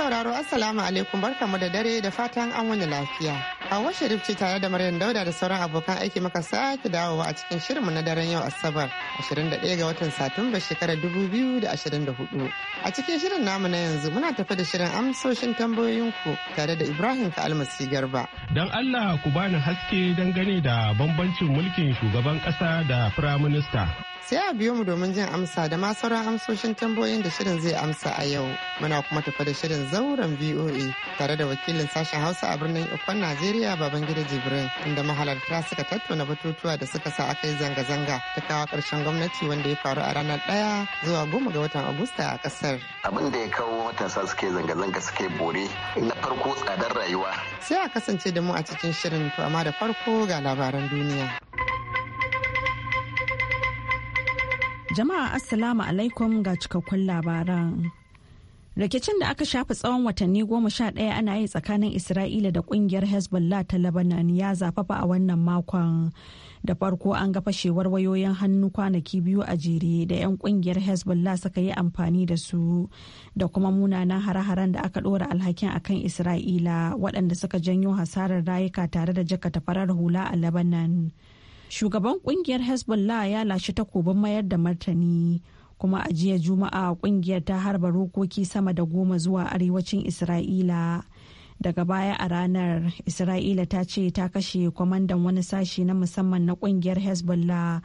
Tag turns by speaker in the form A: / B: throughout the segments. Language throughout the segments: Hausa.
A: sauraro Assalamu alaikum barkamu da dare da fatan an wani lafiya. a washe ce tare da Maryam Dauda da sauran abokan aiki maka sake dawowa a cikin shirinmu na daren yau Asabar 21 ga watan Satumba shekarar 2024. A cikin shirin namu na yanzu muna tafi da shirin amsoshin tambayoyinku tare da Ibrahim ka almasi garba.
B: Don Allah ku bani haske dangane da bambancin mulkin shugaban kasa da firaminista.
A: sai a biyo mu domin jin amsa da ma sauran amsoshin tambayoyin da shirin zai amsa a yau muna kuma tafa da shirin zauren voa tare da wakilin sashen hausa a birnin ikon najeriya babangida jibrin inda mahalarta suka tattauna batutuwa da suka sa aka yi zanga-zanga ta kawo karshen gwamnati wanda ya faru a ranar ɗaya zuwa goma ga watan agusta a kasar
C: abin da ya kawo matasa suke zanga-zanga suke bore na farko tsadar rayuwa
A: sai a kasance da mu a cikin shirin to amma da farko ga labaran duniya
D: Jama'a Assalamu alaikum ga cikakkun labaran. Rikicin da aka shafi tsawon watanni goma sha ɗaya ana yi tsakanin Isra'ila da ƙungiyar Hezbollah ta Lebanon ya zafafa a wannan makon. Da farko an ga fashewar wayoyin hannu kwanaki biyu a jere da 'yan ƙungiyar Hezbollah suka yi amfani da su da kuma munanan hare-haren da aka ɗora alhakin akan Isra'ila waɗanda suka janyo hasarar rayuka tare da jakata farar hula a Lebanon. shugaban kungiyar hezbollah ya lashe takobin mayar da martani kuma a jiya juma'a kungiyar ta harba rokoki sama da goma zuwa arewacin isra'ila daga baya a ranar isra'ila ta ce ta kashe kwamandan wani sashi na musamman na kungiyar hezbollah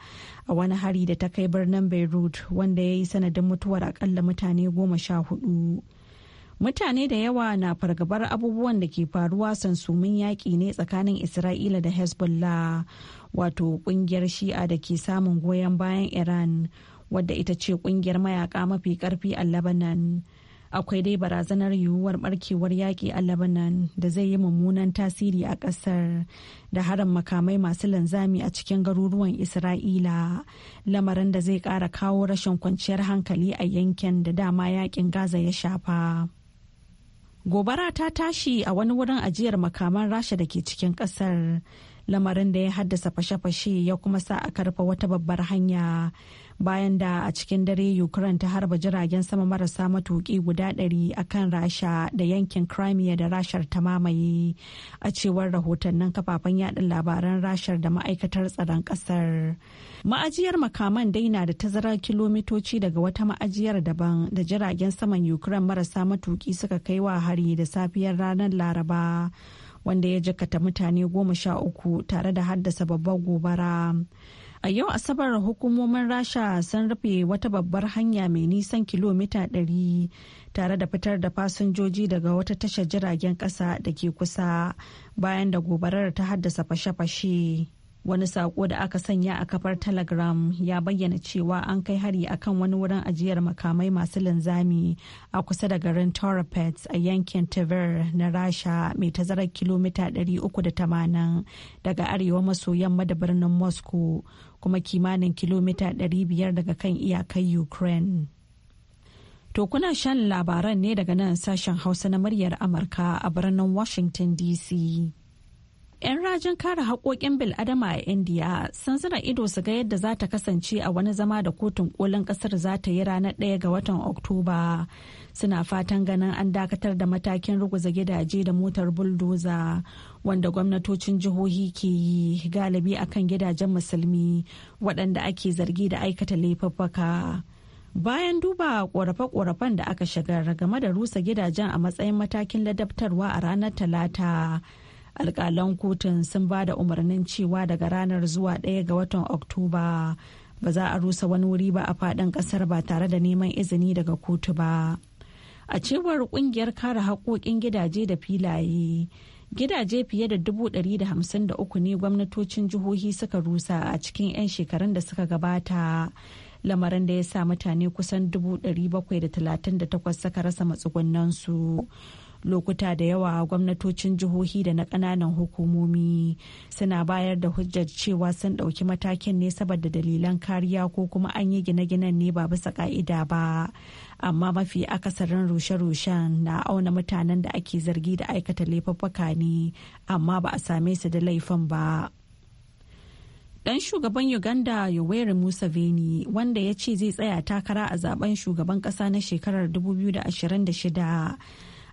D: a wani hari da ta kai birnin beirut wanda ya yi sanadin mutuwar akalla mutane goma sha hudu mutane da yawa na fargabar abubuwan da ke faruwa sansumin yaƙi ne tsakanin isra'ila da hezbollah wato kungiyar shi'a da ke samun goyon bayan iran wadda ita ce kungiyar mayaka mafi karfi a lebanon akwai dai barazanar yiwuwar barkewar yaƙi a lebanon da zai yi mummunan tasiri a ƙasar da harin makamai masu lanzami a cikin garuruwan isra'ila lamarin da zai ƙara kawo rashin kwanciyar hankali a yankin da dama yaƙin gaza ya shafa gobara ta tashi a wani wurin ajiyar makaman rasha da ke cikin ƙasar lamarin da ya haddasa fashe-fashe ya kuma sa a karfa wata babbar hanya bayan da a cikin dare ukraine ta harba jiragen sama marasa matuki guda ɗari a kan rasha da yankin crimea da rashar ta mamaye a cewar rahotannin kafafen yada labaran rashar da ma'aikatar tsaron ƙasar ma'ajiyar makaman dai na da tazarar kilomitoci daga wata ma'ajiyar daban da jiragen saman ukraine marasa matuki suka kai wa hari da safiyar ranar laraba wanda ya jakata mutane goma sha uku tare da haddasa babbar gobara. A yau Asabar hukumomin Rasha sun rufe wata babbar hanya mai nisan kilomita 100 tare da fitar da fasinjoji daga wata tashar jiragen ƙasa da ke kusa bayan da gobarar ta haddasa fashe-fashe. wani sako da aka sanya a kafar telegram ya bayyana cewa an kai hari akan wani wurin ajiyar makamai masu linzami a kusa da garin torapets a yankin tever na rasha mai tazarar kilomita 380 daga arewa maso yamma da birnin moscow kuma kimanin kilomita 500 daga kan iyakar ukraine To kuna shan labaran ne daga nan sashen hausa na muryar amurka a birnin washington dc 'Yan rajin kare haƙoƙin bil'adama a Indiya sun zira ido su ga yadda za ta kasance a wani zama da kotun kolin ƙasar za ta yi ranar ɗaya ga watan Oktoba. Suna fatan ganin an dakatar da matakin ruguza gidaje da motar buldoza wanda gwamnatocin jihohi ke yi galibi akan gidajen musulmi waɗanda ake zargi da aikata laifuffuka. bayan duba ƙorafe korafen da aka shigar game da rusa gidajen a matsayin matakin ladabtarwa a ranar talata alkalan kotun sun ba da umarnin cewa daga ranar zuwa ɗaya ga watan oktoba ba za a rusa wani wuri ba a faɗin ƙasar ba tare da neman izini daga kotu ba a cewar ƙungiyar kare haƙoƙin gidaje da filaye gidaje fiye da 153 ne gwamnatocin jihohi suka rusa a cikin 'yan shekarun da suka gabata lamarin da ya sa mutane kusan 738 suka rasa matsugunansu. su lokuta da yawa gwamnatocin jihohi da na kananan hukumomi suna bayar da hujjar cewa sun ɗauki matakin ne saboda dalilan kariya ko kuma an yi gine-ginen ne ba bisa ƙa'ida ba amma mafi akasarin rushe-rushen na auna mutanen da ake zargi da aikata laifuffuka ne amma ba a same su da laifin ba. dan shugaban uganda yoweri museveni wanda ya ce zai tsaya takara a zaben shugaban kasa na shekarar 2026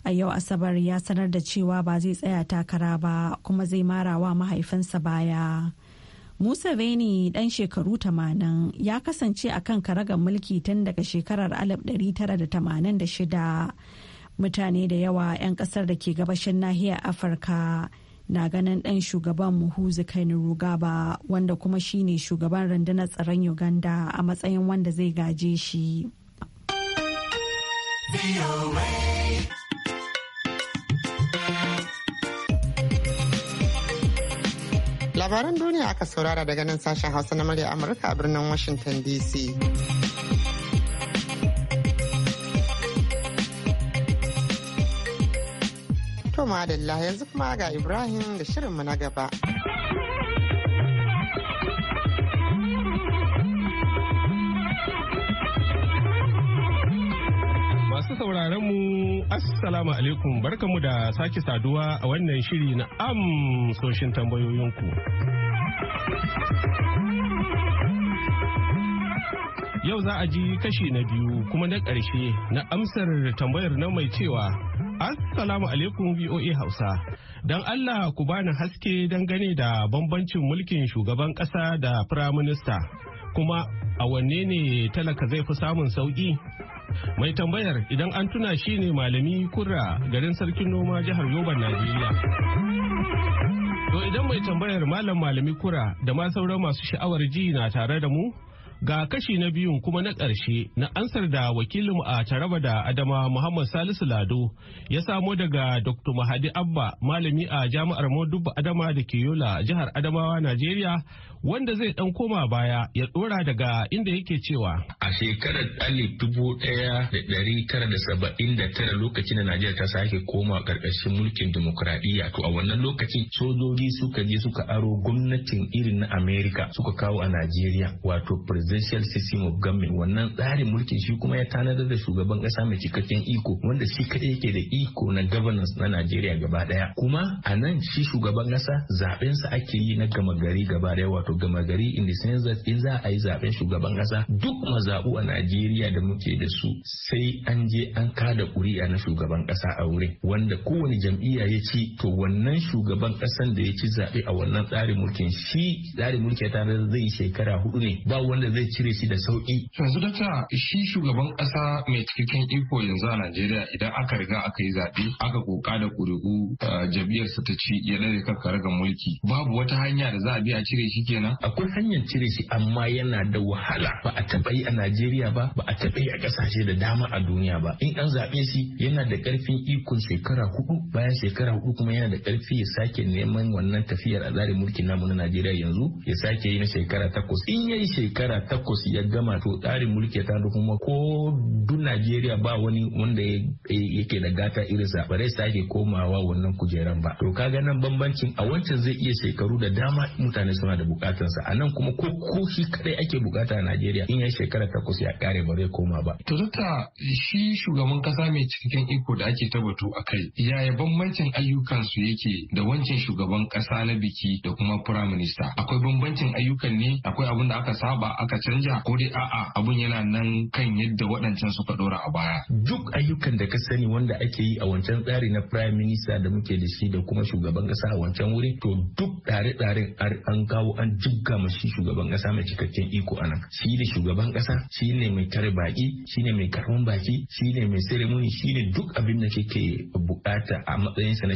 D: a yau asabar ya sanar da cewa ba zai tsaya takara ba kuma zai mara wa mahaifinsa baya musa veni dan shekaru 80 ya kasance a kan karagar mulki tun daga shekarar 1986 mutane da yawa 'yan kasar da ke gabashin nahiyar afirka na ganin dan shugaban muhuzu rugaba wanda kuma shine shugaban rundunar tsaron uganda a matsayin wanda zai gaje shi.
A: Labaran duniya aka saurara daga nan sashen Hausa na murya Amurka a birnin Washington DC. To madalla yanzu kuma ga Ibrahim da shirin mu na gaba.
B: Masu sauraron mu Assalamu alaikum barkamu da sake saduwa a wannan shiri na amsoshin tambayoyinku. Yau za a ji kashi na biyu kuma na ƙarshe na amsar tambayar nan mai cewa Assalamu alaikum VOA Hausa. Don Allah ku bani haske don gane da bambancin mulkin shugaban ƙasa da firaminista kuma a wanne ne talaka zai fi samun sauƙi? Mai tambayar idan an tuna shi ne malami kura garin sarkin noma jihar Yoban Najeriya. To idan mai tambayar malam malami kura da ma sauran masu sha'awar ji na tare da mu Ga kashi na biyun kuma na ƙarshe na ansar da wakilin a Taraba da Adama Muhammad Salisu Lado ya samo daga Dr. Mahadi Abba malami a Jami'ar Modubba Adama da ke Yola jihar Adamawa Najeriya wanda zai ɗan koma baya ya ɗora daga inda yake cewa.
E: A shekarar alif dubu ɗaya da dari tara da saba'in da tara lokacin da Najeriya ta sake koma ƙarƙashin mulkin dimokuraɗiyya to a wannan lokacin sojoji suka je suka aro gwamnatin irin na Amerika suka kawo a Najeriya wato president presidential system of government wannan tsarin mulkin shi kuma ya tanadar da shugaban kasa mai cikakken iko wanda shi kadai yake da iko na governance na Najeriya gaba daya kuma a nan shi shugaban kasa zaben sa ake yi na gama gari gaba daya wato gama gari in the sense that in za a yi zaben shugaban kasa duk mazabu a Najeriya da muke da su sai an je an kada kuri'a na shugaban kasa a wurin wanda kowane jam'iyya ya ci to wannan shugaban kasan da ya ci zabe a wannan tsarin mulkin shi tsarin ya ta zai shekara hudu ne
F: ba wanda zai zai cire shi da sauki. yanzu ta shi shugaban ƙasa mai cikakken iko yanzu a najeriya idan aka riga aka yi zaɓe aka koka da ƙuri'u eh, sa ta ci ya ɗare karkara ga mulki babu wata hanya da za a bi a cire shi kenan. akwai hanyar cire shi amma yana da wahala ba a taɓa yi a najeriya ba ba a taɓa yi a
E: ƙasashe da dama a duniya ba in an zaɓe shi yana da ƙarfin ikon shekara hudu bayan shekara hudu kuma yana da ƙarfi ya sake neman wannan tafiyar a tsarin mulkin namu na najeriya yanzu ya sake yi na shekara takwas in yayi shekara takwas ya gama to tsarin mulki ta da kuma ko duk Najeriya ba wani wanda yake da gata irin sa ba zai sake komawa wannan kujeran ba to kaga nan bambancin a wancan zai iya shekaru da dama mutane suna da bukatun sa anan kuma ko ko shi kadai ake bukata a Najeriya in ya shekara takwas ya kare ba zai koma ba
F: to zata shi shugaban kasa mai cikin iko da ake tabbatu a kai yaya bambancin ayyukan su yake da wancan shugaban kasa na biki da kuma prime minister akwai bambancin ayyukan ne akwai abin da aka saba aka aka canja ko dai a'a abun yana nan kan yadda waɗancan suka ɗora a baya.
E: Duk ayyukan da ka sani wanda ake yi a wancan tsari na prime minister da muke da shi da kuma shugaban kasa a wancan wuri to duk tsare-tsaren an kawo an jigga ma shi shugaban ƙasa mai cikakken iko anan. Shi da shugaban ƙasa shi ne mai tare baki shi ne mai karɓan baki shi ne mai ceremony shi ne duk abin da kake bukata a matsayinsa na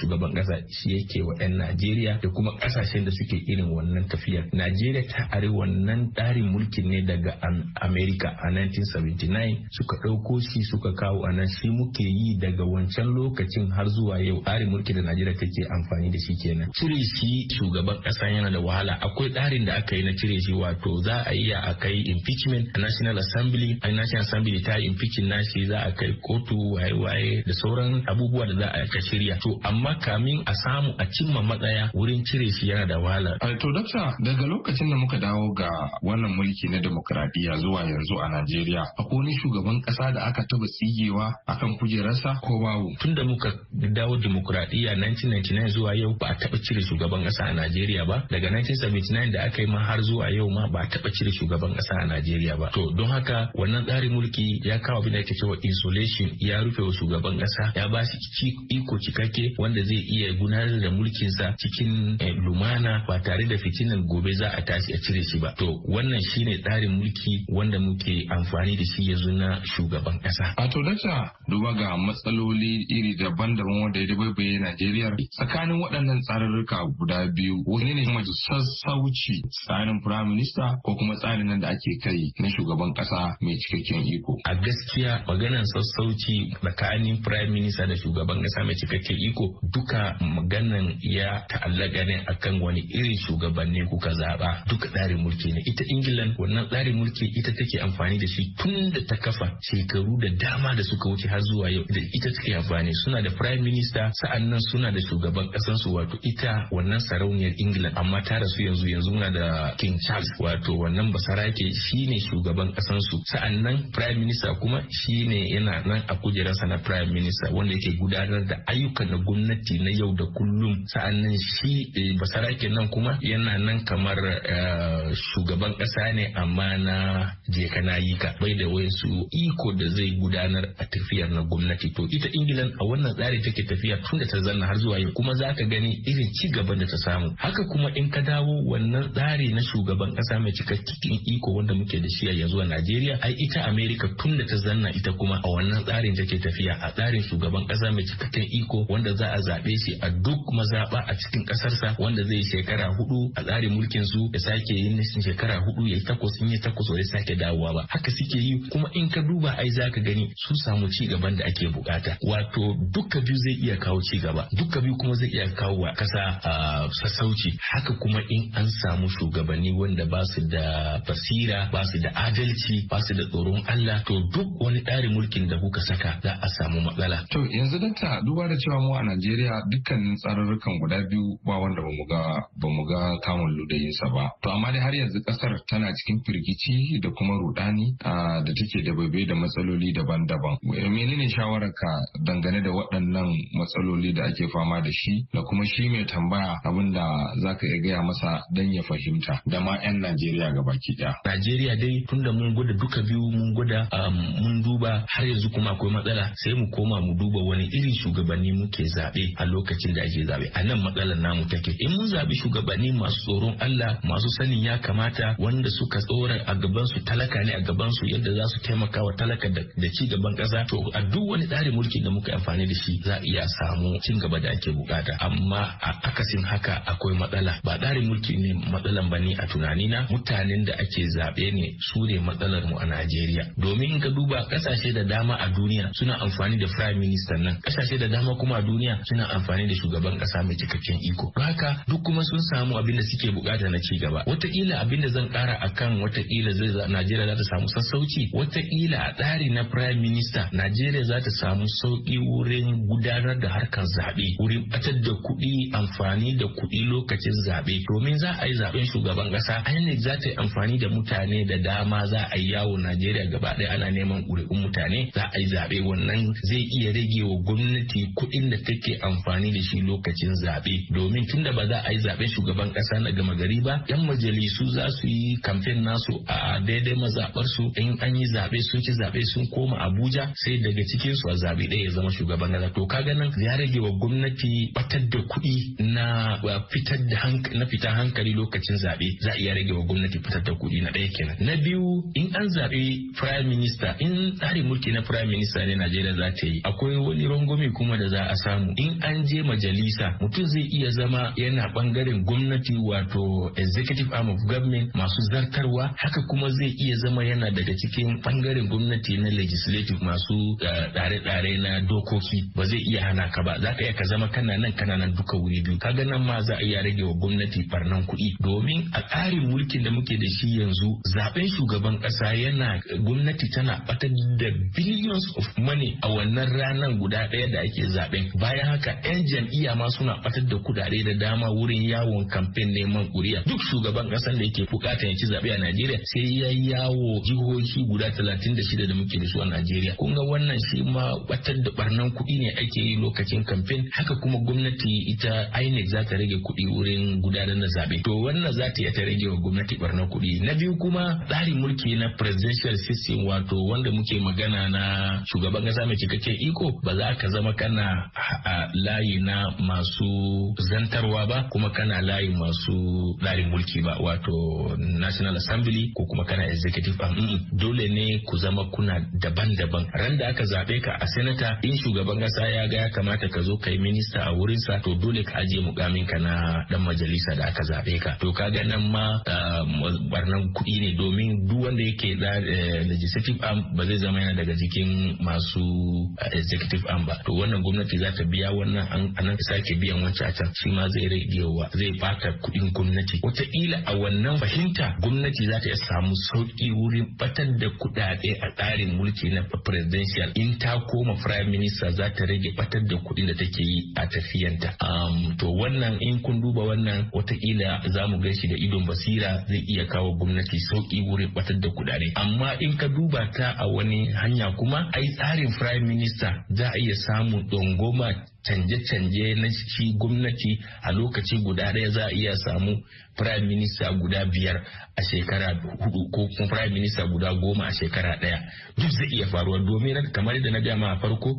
E: shugaban ƙasa shi yake wa 'yan Najeriya da kuma kasashen da suke irin wannan tafiyar. Najeriya ta are wannan tsarin mulkin ne daga Amerika a 1979 suka ɗauko shi suka kawo a nan shi muke yi daga wancan lokacin har zuwa yau tsarin mulki da Najeriya take amfani da shi kenan. Cire shi shugaban ƙasa yana da wahala akwai tsarin da aka yi na cire shi wato za a iya a kai impeachment a National Assembly a National Assembly ta impeachment shi za a kai kotu waye-waye da sauran abubuwa da za a ka shirya.
F: To amma kamin a samu a cimma matsaya wurin cire shi yana da wahala. Eh, to daga lokacin da muka dawo ga wannan mulki na demokradiyya zuwa yanzu a Najeriya akwai wani shugaban kasa da aka taba tsigewa akan kujerarsa ko babu tun da muka dawo
E: demokradiyya 1999 zuwa yau ba a taba cire shugaban kasa a Najeriya ba daga 1979 da aka yi ma har zuwa yau ma ba a taba cire shugaban kasa a Najeriya ba to don haka wannan tsarin mulki ya kawo abin da yake cewa isolation ya rufe wa shugaban kasa ya ba shi iko cikakke wanda zai iya gudanar da mulkinsa cikin eh, lumana ba tare da fitinan gobe
F: za a tashi a cire shi ba to
E: wannan shine tsarin mulki wanda muke amfani da shi yanzu na shugaban kasa. a to dakta
F: duba ga matsaloli iri daban-daban wanda ya dabaibaye Najeriya tsakanin waɗannan tsarurruka guda biyu wani ne mai sassauci tsarin firayim minista ko kuma tsarin nan da ake kai na shugaban kasa mai cikakken iko.
E: A gaskiya maganar sassauci tsakanin firayim minista da shugaban kasa mai cikakken iko duka maganan ya ta'allaka ne akan wani irin shugabanni kuka zaɓa duka tsarin mulki ne ita in England wannan tsarin mulki ita take amfani da shi tun da ta kafa shekaru da dama da suka wuce har zuwa yau da ita take amfani suna da prime minister sa'annan suna da shugaban kasansu wato ita wannan sarauniyar England amma ta rasu yanzu yanzu muna da King Charles wato wannan basarake shine shugaban kasansu sa'annan prime minister kuma shine yana nan a kujerarsa na prime minister wanda yake gudanar da ayyukan na gwamnati na yau da kullum sa'annan shi eh, basarake nan kuma yana nan kamar eh, shugaban ƙasa ne amma na je kana yi ka bai da wasu iko da zai gudanar a tafiyar na gwamnati to ita ingilan a wannan tsari take tafiya tun da ta zanna har zuwa yau kuma zaka gani irin ci gaban da ta samu haka kuma in ka dawo wannan tsari na shugaban ƙasa mai cikakken iko wanda muke da shi a yanzu a Najeriya ai ita America tun da ta zanna ita kuma a wannan tsarin take tafiya a tsarin shugaban ƙasa mai cikakken iko wanda za a zaɓe shi a duk mazaɓa a cikin ƙasarsa wanda zai shekara hudu a tsarin mulkin su ya sake yin shekara hudu hudu ya yi takwas in ya takwas wani sake dawowa ba haka suke yi kuma in ka duba ai za gani su samu ci gaban da ake bukata wato duka biyu zai iya kawo ci gaba dukka biyu kuma zai iya kawo wa kasa sassauci haka kuma in an samu shugabanni wanda ba su da basira ba su da adalci ba su da tsoron
F: Allah to duk
E: wani tsarin mulkin da kuka saka za a samu matsala.
F: To yanzu ta duba da cewa mu a Najeriya dukkanin tsarurrukan guda biyu ba wanda ba mu ga ba mu ga kamun ludayinsa ba. To amma dai har yanzu kasar tana cikin firgici da kuma rudani da take da bebe da matsaloli daban-daban. Menene shawararka dangane da waɗannan matsaloli da ake fama da shi da kuma shi mai tambaya abin da za ka iya gaya masa don ya fahimta da ma 'yan Najeriya ga baki ɗaya.
E: Najeriya dai tun da mun gwada duka biyu mun gwada mun duba har yanzu kuma akwai matsala sai mu koma mu duba wani irin shugabanni muke zaɓe a lokacin da ake zaɓe a nan matsalar namu take in mun zaɓi shugabanni masu tsoron Allah masu sanin ya kamata wanda suka tsora a gaban su talaka ne a gaban su yadda za su taimaka wa talaka da ci gaban kasa to a duk wani tsarin mulki da muka amfani da shi za a iya samu cin gaba da ake bukata amma a akasin haka akwai matsala ba tsarin mulki ne matsalan ba ne a tunanina mutanen da ake zaɓe ne su ne matsalar mu a Najeriya domin ka duba kasashe da dama a duniya suna amfani da prime minister nan kasashe da dama kuma a duniya suna amfani da shugaban kasa mai cikakken iko haka duk kuma sun samu abin da suke bukata na ci gaba wataƙila abin da zan kara akan watakila zai Najeriya za ta samu sassauci watakila a tsari na prime minister Najeriya za ta samu sauki wurin gudanar da harkar zaɓe wurin batar da kuɗi amfani da kuɗi lokacin zaɓe domin za a yi zaɓen shugaban ƙasa INEC za ta yi amfani da mutane da dama za a yi yawo Najeriya gaba ɗaya ana neman ƙuri'un mutane za a yi zaɓe wannan zai iya rage wa gwamnati kuɗin da take amfani da shi lokacin zaɓe domin tunda ba za a yi zaɓen shugaban ƙasa na gama gari ba 'yan majalisu za su yi yi kamfen nasu a daidai mazaɓarsu su in an yi zaɓe sun ci zaɓe sun koma Abuja sai daga cikin su a zaɓe ɗaya ya zama shugaban kasa to kaga nan ya rage wa gwamnati batar da kuɗi na fitar da na fitar hankali lokacin zaɓe za iya rage wa gwamnati fitar da kuɗi na ɗaya kenan na biyu in an zaɓi prime minister in tsarin mulki na prime minister ne Najeriya za ta yi akwai wani rangwame kuma da za a samu in an je majalisa mutum zai iya zama yana bangaren gwamnati wato executive arm of government masu masu zartarwa haka kuma zai iya zama yana daga cikin bangaren gwamnati na legislative masu tsare-tsare eh, na dokoki ba zai iya hana ka ba za ka iya ka zama kana nan kana nan duka wuri biyu kaga nan ma za a iya rage wa gwamnati barnan kuɗi domin a tsarin mulkin da muke da shi yanzu zaben shugaban ƙasa yana gwamnati tana batar da billions of money a wannan ranar guda ɗaya da ake zaben bayan haka 'yan jam'iyya ma suna batar da kudade da dama wurin yawon kamfen neman kuriya duk shugaban ƙasar da yake bukata kan ci zaɓe a Najeriya sai ya yawo jihohi guda talatin da shida da muke da su a Najeriya. Kun ga wannan shi ma batar da ɓarnan kuɗi ne ake yi lokacin kamfen haka kuma gwamnati ita INEC za ta rage kuɗi wurin gudanar da zaɓe. To wannan za ta iya ta rage wa gwamnati ɓarnan kuɗi. Na biyu kuma tsarin mulki na presidential system wato wanda muke magana na shugaban ƙasa mai cikakken iko ba za ka zama kana a layi na masu zantarwa ba kuma kana layi masu tsarin mulki ba wato national assembly ko kuma kana executive am dole ne ku zama kuna daban-daban ran da aka zaɓe ka a senator in shugaban kasa ya ga ya kamata ka zo kai minister a wurin sa to dole ka ajiye mukamin ka na dan majalisa da aka zaɓe ka to kaga nan ma barnan um, kuɗi ne domin duk wanda yake da eh, legislative arm ba zai zama yana daga jikin masu eh, executive Am ba to wannan gwamnati za ta biya wannan anan sake biyan wancan a can shi ma zai rage zai bata kuɗin gwamnati wataƙila a wannan fahimta gwamnati za ta samu sauki wurin batar da kuɗaɗe a tsarin mulki na presidential in ta koma prime minister za ta rage batar da kuɗin da take yi a tafiyanta to wannan in kun duba wannan watakila za mu gaishe da idon basira zai iya kawo gwamnati sauki wurin batar da kuɗaɗe amma in ka duba ta a wani hanya kuma ai tsarin prime minister za a iya samun dongoma canje-canje na shi gwamnati a lokaci guda ɗaya za a iya samu prime minister guda biyar a shekara hudu ko kuma prime minister guda goma a shekara daya duk zai iya faruwa domin kamar da na gama a farko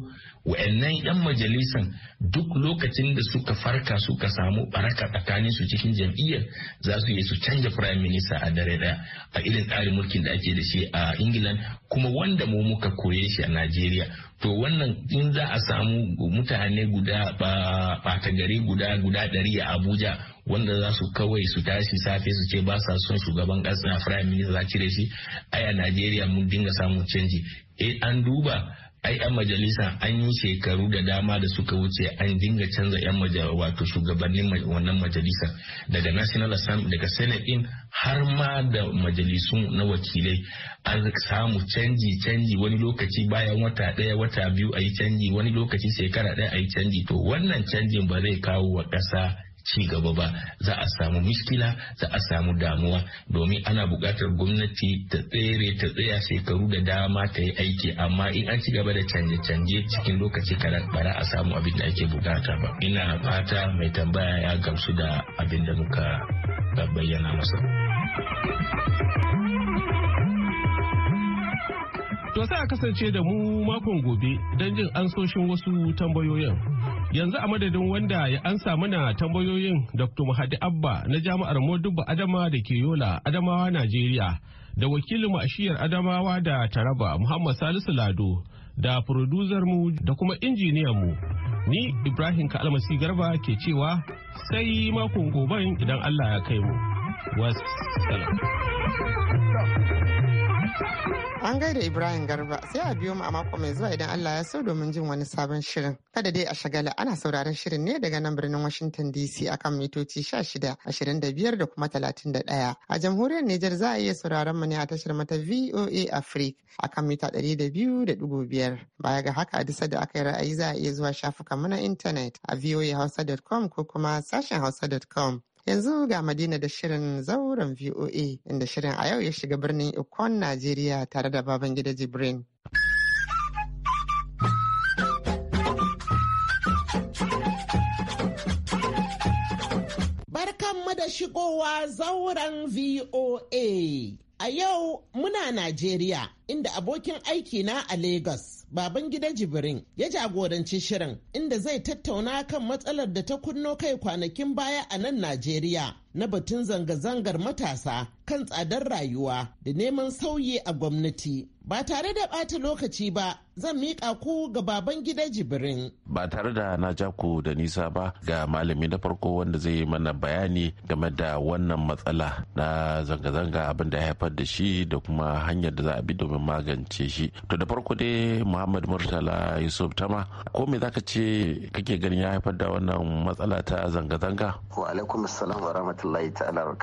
E: wa'annan yan majalisan duk lokacin da suka farka suka samu baraka tsakanin su cikin jam'iyyar za su yi su canja prime minister a dare daya a irin tsarin mulkin da ake da shi a england kuma wanda mu muka koye shi a Nigeria. to wannan in za a samu mutane guda ba gari guda guda dari a abuja wanda za su kawai su tashi safe su ce ba sa son shugaban ƙasa prime minister za cire shi ai a Najeriya mun dinga samun canji eh an duba ai yan majalisa an yi shekaru da dama da suka wuce an dinga canza yan majalisa wato shugabannin wannan majalisa daga national assembly daga senate din har ma da majalisun na wakilai an samu canji canji wani lokaci bayan wata daya wata biyu a yi canji wani lokaci shekara daya a yi canji to wannan canjin ba zai kawo wa kasa ci gaba ba za a samu miskila za a samu damuwa domin ana buƙatar gwamnati ta tsere ta tsaya shekaru da dama ta yi aiki amma in an ci gaba da canje-canje cikin lokaci kaɗan ba za a samu abin da ake bukata ba ina fata mai tambaya ya gamsu da abin da muka bayyana masa.
B: To sai a kasance da mu makon gobe don jin ansoshin wasu tambayoyin. yanzu a madadin wanda ya ansa mana tambayoyin dr mahadi abba na jami'ar modubba adama da ke yola adamawa najeriya da wakilin ashiyar adamawa da taraba muhammad salisu lado da producer mu da kuma injiniyan mu ni ibrahim kalmasi garba ke cewa sai makon gobe idan allah ya kai mu wasu
A: An gaida Ibrahim Garba sai a biyo mu a mako mai zuwa idan Allah ya so domin jin wani sabon shirin. Kada dai a shagala ana sauraron shirin ne daga nan birnin Washington DC akan mitoci shida, ashirin da kuma talatin da ɗaya. A jamhuriyar Nijar za a iya sauraron mu ne a tashar mata VOA Africa akan mita 200.5. Baya ga haka a disa da aka yi ra'ayi za a iya zuwa shafukan mu na intanet a voahausa.com ko kuma sashen hausa.com. Yanzu ga Madina da shirin zauren VOA inda shirin a yau ya shiga birnin Ikon Najeriya tare da baban Babangida Jibrin.
G: Barkanmu da shigowa zauren VOA. A yau muna Najeriya inda abokin aiki na a Legas. baban gida jibirin ya jagoranci shirin inda zai tattauna kan matsalar da ta kunno kai kwanakin baya a nan najeriya na batun zanga-zangar matasa kan tsadar rayuwa da neman sauyi a gwamnati Ba tare da ɓata lokaci ba zan miƙa ku ga baban gida jibirin.
E: Ba tare da na ja ku da nisa ba ga malami na farko wanda zai yi mana bayani game da wannan matsala na zanga-zanga abin da ya haifar da shi da kuma hanyar da za a bi domin magance shi. To da farko dai Muhammad Murtala Yusuf Tama ko me zaka ce kake ganin ya haifar da
G: wannan matsala ta zanga-zanga?
C: Wa alaikum assalam wa rahmatullahi ta'ala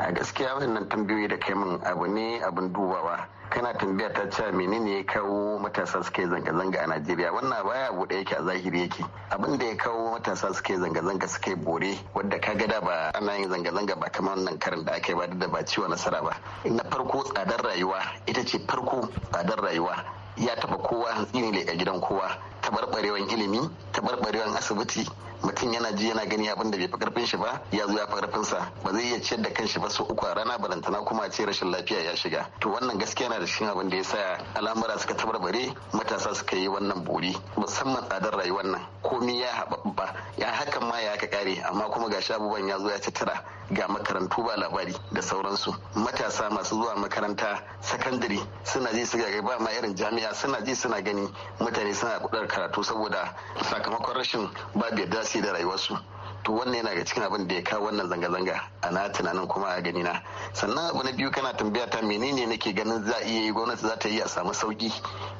C: A gaskiya wannan tambayoyi da kai min abu ne abin dubawa. kana tambaya ta cewa menene ya kawo matasa suke zanga-zanga a najeriya wannan baya bude yake a zahiri yake abin da ya kawo matasa suke zanga-zanga suke bore wadda ka da ba ana yin zanga-zanga ba kamar wannan karin da aka yi ba da ba ciwo nasara ba na farko tsadar rayuwa ita ce farko tsadar rayuwa ya taba kowa hantsi ne a gidan kowa tabarbarewan ilimi tabarbarewan asibiti mutum yana ji yana gani abin da bai fi karfin shi ba ya zo ya fi karfin sa ba zai iya ciyar da kanshi ba sau uku a rana balantana kuma a ce rashin lafiya ya shiga to wannan gaskiya yana da cikin abin da ya sa al'amura suka tabarbare matasa suka yi wannan bori musamman tsadar rayuwar nan komi ya haɓaɓɓa ya hakan ma ya haka kare amma kuma ga abubuwan ya zo ya tattara ga makarantu ba labari da sauransu matasa masu zuwa makaranta sakandare suna ji suka ga ba ma irin jami'a suna ji suna gani mutane suna kudar karatu saboda sakamakon rashin babu da tasiri da rayuwarsu to wannan yana ga cikin abin da ya kawo wannan zanga-zanga a na tunanin kuma a gani na sannan abu na biyu kana tambaya ta menene nake ganin za iya yi gwamnati za ta yi a samu sauki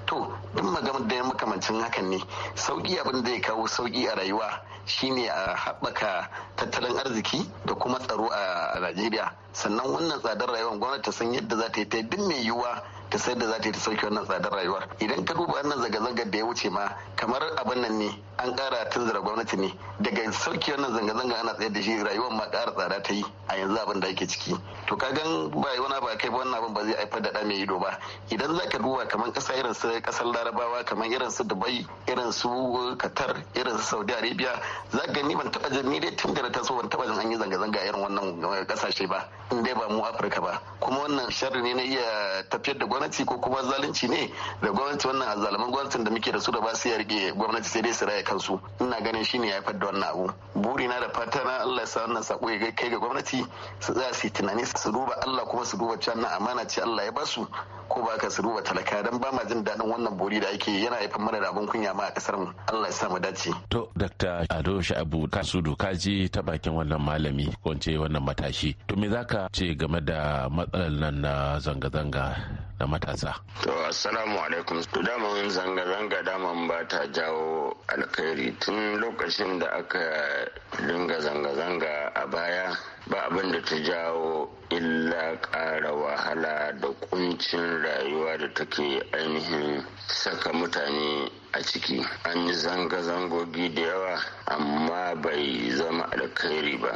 C: to duk magana da makamancin hakan ne sauki abin da ya kawo sauki a rayuwa shine a haɓaka tattalin arziki da kuma tsaro a najeriya sannan wannan tsadar rayuwar gwamnati ta san yadda za ta yi ta duk mai yiwuwa ta sayar da za ta yi ta sauke wannan tsadar rayuwa idan ka duba wannan zanga-zangar da ya wuce ma kamar abin nan ne an kara tunzura gwamnati ne daga sauke wannan zanga-zanga ana tsayar da shi rayuwar ma kara tsada ta yi a yanzu abin da ake ciki to ka gan ba wani ba kai ba wannan abin ba zai haifar da ɗa mai ido ba idan za ka duba kamar kasa irin su kasar larabawa kamar irin su dubai irin su qatar irin su saudi arabia za ka gani ban taɓa jin ni dai tun da na taso ban taɓa jin an yi zanga-zanga irin wannan kasashe eh, ba in dai ba mu afirka ba kuma wannan sharri ne na iya tafiyar da gwamnati ko kuma zalunci ne da gwamnati wannan azalaman gwamnatin da muke da su da ba su ya rike gwamnati sai dai su raya kansu ina ganin shi ne ya haifar da wannan abu buri na da fata na Allah ya sa wannan sako ya kai ga gwamnati su za su tunani su duba Allah kuma su duba can na amana ce Allah ya basu ko ba ka su duba talaka dan ba ma jin daɗin wannan bori da ake yana haifar mana da abin kunya ma a kasar mu Allah ya sa mu dace
H: to Dr. Ado
E: Sha'abu Kasudu kaji ta bakin wannan malami ko wannan matashi to me zaka ce game
H: da matsalar nan na zanga-zanga da matasa. To assalamu alaikum to daman zanga-zanga dama ba ta jawo alkhairi tun lokacin da aka dinga zanga-zanga a baya ba abin da ta jawo illa ƙara wahala da kuncin rayuwa da take ainihin saka mutane a ciki an yi zanga-zangogi da yawa amma bai zama alkhairi ba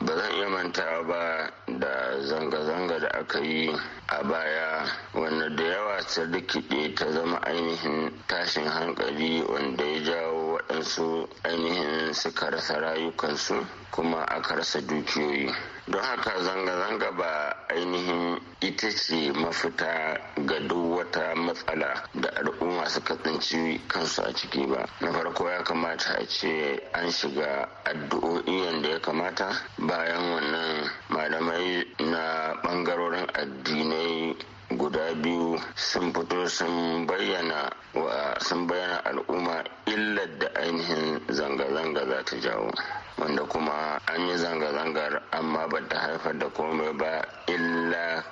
H: ba zan iya mantawa ba da zanga-zanga da aka yi a baya wanda da yawa ta rikide ta zama ainihin tashin hankali wanda ya jawo waɗansu ainihin suka rasa rayukansu kuma aka rasa dukiyoyi don haka zanga-zanga ba ainihin ita ce mafita ga duk wata matsala da al'umma suka tsinci kansu a ciki ba na farko ya kamata a ce an shiga addu'o'i yadda ya kamata bayan wannan malamai na ɓangarorin addinai guda biyu sun fito sun bayyana wa sun bayyana al'umma illar da ainihin zanga-zanga za ta jawo wanda kuma an yi zanga-zangar amma ba ta haifar da komai ba illa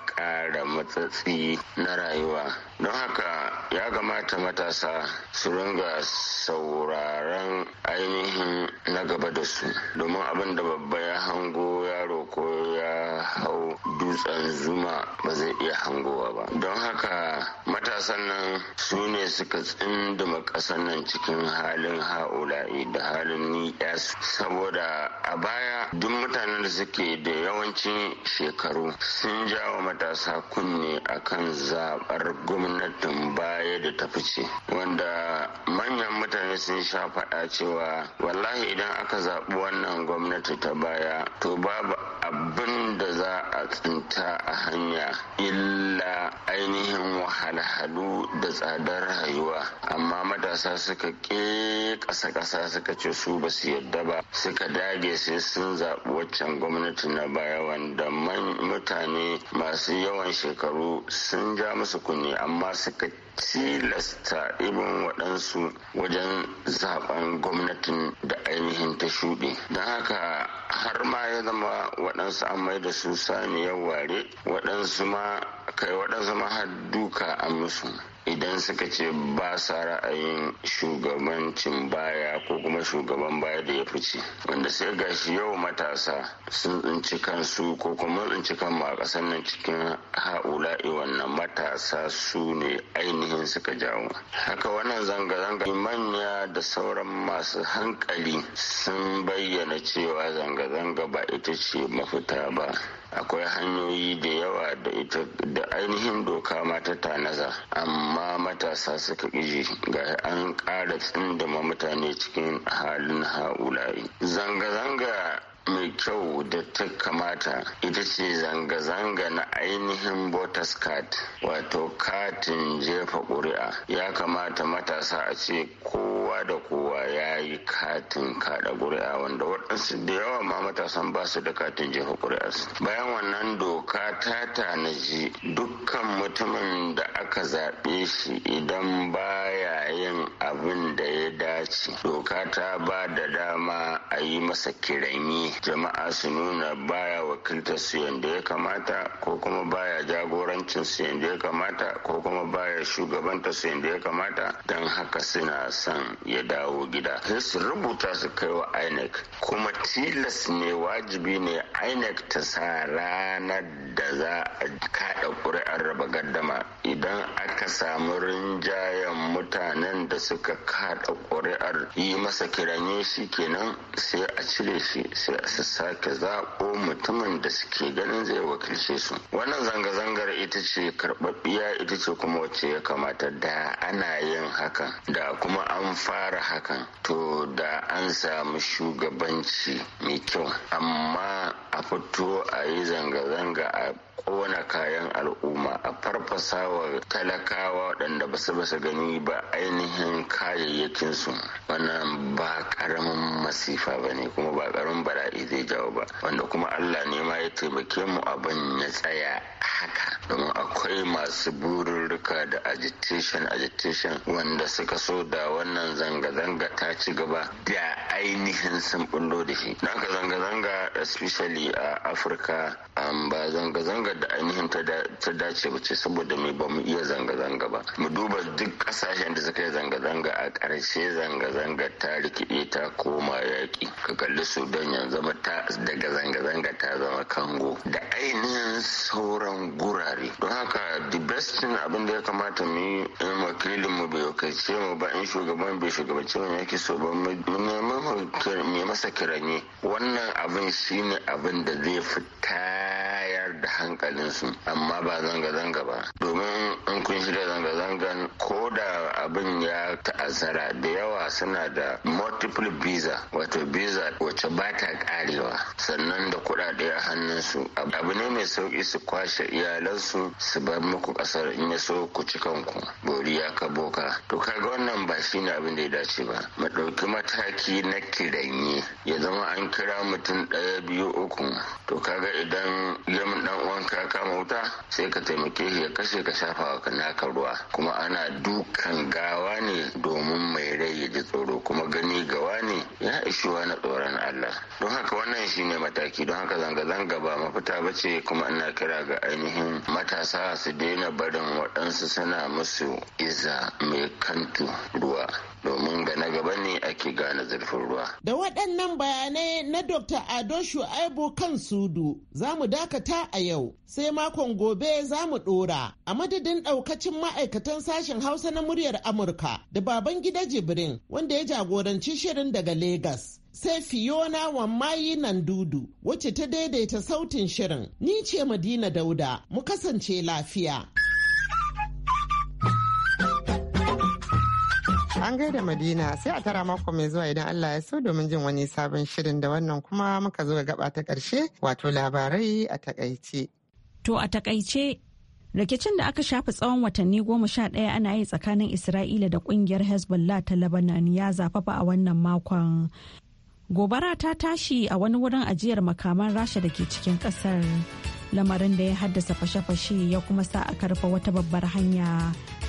H: matsatsi na rayuwa don haka ya kamata matasa su ringa sauraron ainihin na gaba da su domin abin da babba ya hango yaro ko ya hau dutsen zuma ba zai iya hangowa ba don haka matasan nan su ne suka tsindima ƙasar nan cikin halin ha'ula'i da halin ni'as. saboda a baya duk mutanen da suke da yawancin shekaru sun jawo matasa kunni ne akan zaɓar gwamnatin baya da ta fice wanda manyan mutane sun sha faɗa cewa wallahi idan aka zaɓi wannan gwamnati ta baya to babu abin da za a tsinta a hanya illa ainihin wahalhalu da tsadar rayuwa amma matasa suka ƙe ƙasa-ƙasa suka ce su ba su yarda ba suka dage sai sun zaɓi waccan gwamnati na baya wanda mutane masu yawan shekaru shekaru sun ja musu kunni amma suka tilasta irin waɗansu wajen zaben gwamnatin da ainihin ta shuɗe don haka har ma ya zama waɗansu an mai da su saniyar ware waɗansu ma kai waɗansu mahadduka a musu idan suka ce ba sa ra'ayin shugabancin baya ko kuma shugaban baya da ya fice wanda sai gashi yau matasa sun tsinci kansu ko kuma tsinci kanmu a ƙasar nan cikin ha'ula wannan matasa su ne ainihin suka jawo haka wannan zanga-zanga manya da sauran masu hankali sun bayyana cewa zanga-zanga ba ita ce mafita ba akwai hanyoyi da yawa da ita da ainihin doka mata ta tanaza amma matasa suka ƙiji ga an ƙara tsindama mutane cikin halin ha'ula'i zanga-zanga mai kyau da ta kamata ita ce zanga-zanga na ainihin voters card wato katin jefa ƙuri'a ya kamata matasa a ce kowa da kowa ya yi katin kada ƙuri'a wanda waɗansu da yawa ma matasan ba su da katin jefa ƙuri'a bayan wannan doka ta tanaji dukkan mutumin da aka zaɓe shi idan baya yin abin da ya dace doka ta ba da dama a yi masa kiranye jama'a su nuna baya wakiltar su yadda ya kamata ko kuma baya jagorancin su yadda ya kamata ko kuma baya shugabanta su yadda ya kamata don haka suna son ya dawo gida sai su rubuta su kai wa inec kuma tilas ne wajibi ne inec ta sa ranar da za a kada kuri'ar raba gaddama idan aka samu rinjayen mutanen da suka kada ƙuri'ar yi masa kiranye shi kenan sai a cire shi sai a sassake zaɓo mutumin da suke ganin zai wakilce su wannan zanga-zangar ita ce karɓaɓɓiya ita ce kuma wacce ya kamata da ana yin hakan da kuma an fara hakan to da an samu shugabanci mai kyau amma a fito a yi zanga-zanga a kona kayan al'umma a farfasa talakawa waɗanda ba su basu gani ba ainihin kayayyakinsu wannan ba karamin masifa ba ne kuma ba ƙaramin bala'i zai jawo ba wanda kuma allah ne ma ya taimake mu abin ya tsaya haka domin akwai masu bururruka da agitation agitation wanda suka so da wannan zanga-zanga ta ci gaba da ainihin sun bullo da shi zanga-zanga especially a afirka um, ba zanga-zanga da ainihin ta dace ba ce saboda mai ba mu iya zanga-zanga ba mu duba duk kasashen da suka yi zanga-zanga a ƙarshe zanga-zanga ta rikide ta koma yaƙi ka kalli sudan ta daga zanga-zanga ta zama kango da ainihin sauran gurare don haka the best thing abin da ya kamata mu yi in wakilin mu bai kace mu ba in shugaban bai shugabance mu yake so ba mu nemi masa kiranye wannan abin shine abin da zai fita mayar da hankalinsu amma ba zanga-zanga ba domin in kun shiga zanga-zangan ko da abin ya ta'azzara da yawa suna da multiple visa wato visa wacce ba ta karewa sannan da kuɗaɗe a hannunsu abu ne mai sauƙi su kwashe iyalansu su bar muku ƙasar in ya so ku ci kanku kabo ka boka to kaga wannan ba shi ne abin da ya dace ba mu ɗauki mataki na kiranye ya zama an kira mutum ɗaya biyu uku to kaga idan ya dan uwan ya kama wuta sai ka taimake shi ya kashe ka shafa wa naka ruwa kuma ana dukan gawa ne domin mai rai ya ji tsoro kuma gani gawa ne ya ishi na tsoron Allah don haka wannan shine mataki don haka zanga-zanga ba mafita ba ce kuma ina kira ga ainihin matasa su daina barin waɗansu suna musu iza mai kantu ruwa domin ga na gaba ne ake gane zurfin ruwa.
G: Da waɗannan bayanai na Dr. Ado Shu'aibu kan sudu za mu dakata a yau sai makon gobe za mu ɗora a madadin ɗaukacin ma'aikatan sashen Hausa na muryar Amurka da baban gida Jibrin wanda ya jagoranci shirin daga Legas. Sai Fiona Wammayi Nandudu wacce ta daidaita sautin shirin. Ni ce Madina
A: Dauda, mu kasance lafiya. an gaida madina sai a tara mako mai zuwa idan allah ya so domin jin wani sabon shirin da wannan kuma muka zo gaba ta karshe wato labarai a takaice
D: to a takaice rikicin da aka shafi tsawon watanni goma sha ɗaya ana yi tsakanin isra'ila da kungiyar hezbollah ta lebanon ya zafafa a wannan makon gobara ta tashi a wani wurin ajiyar makaman rasha da ke cikin kasar lamarin da ya haddasa fashe-fashe ya kuma sa a karfa wata babbar hanya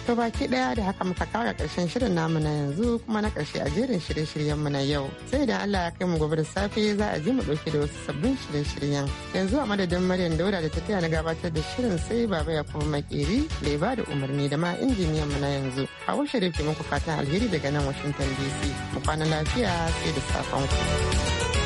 D: To baki daya da
A: haka muka kawo karshen shirin namu na yanzu kuma na karshe a jerin shirye shiryen mu na yau. Sai da Allah ya kai mu gobe da safe za a ji mu dauke da wasu sabbin shirye-shiryen. Yanzu a madadin Maryam Dauda da ta taya na gabatar da shirin sai Baba ya kuma makeri da ba da umarni da ma injiniyan mu na yanzu. A washe da muku fatan alheri daga nan Washington DC. Mu kwana lafiya sai da safon ku.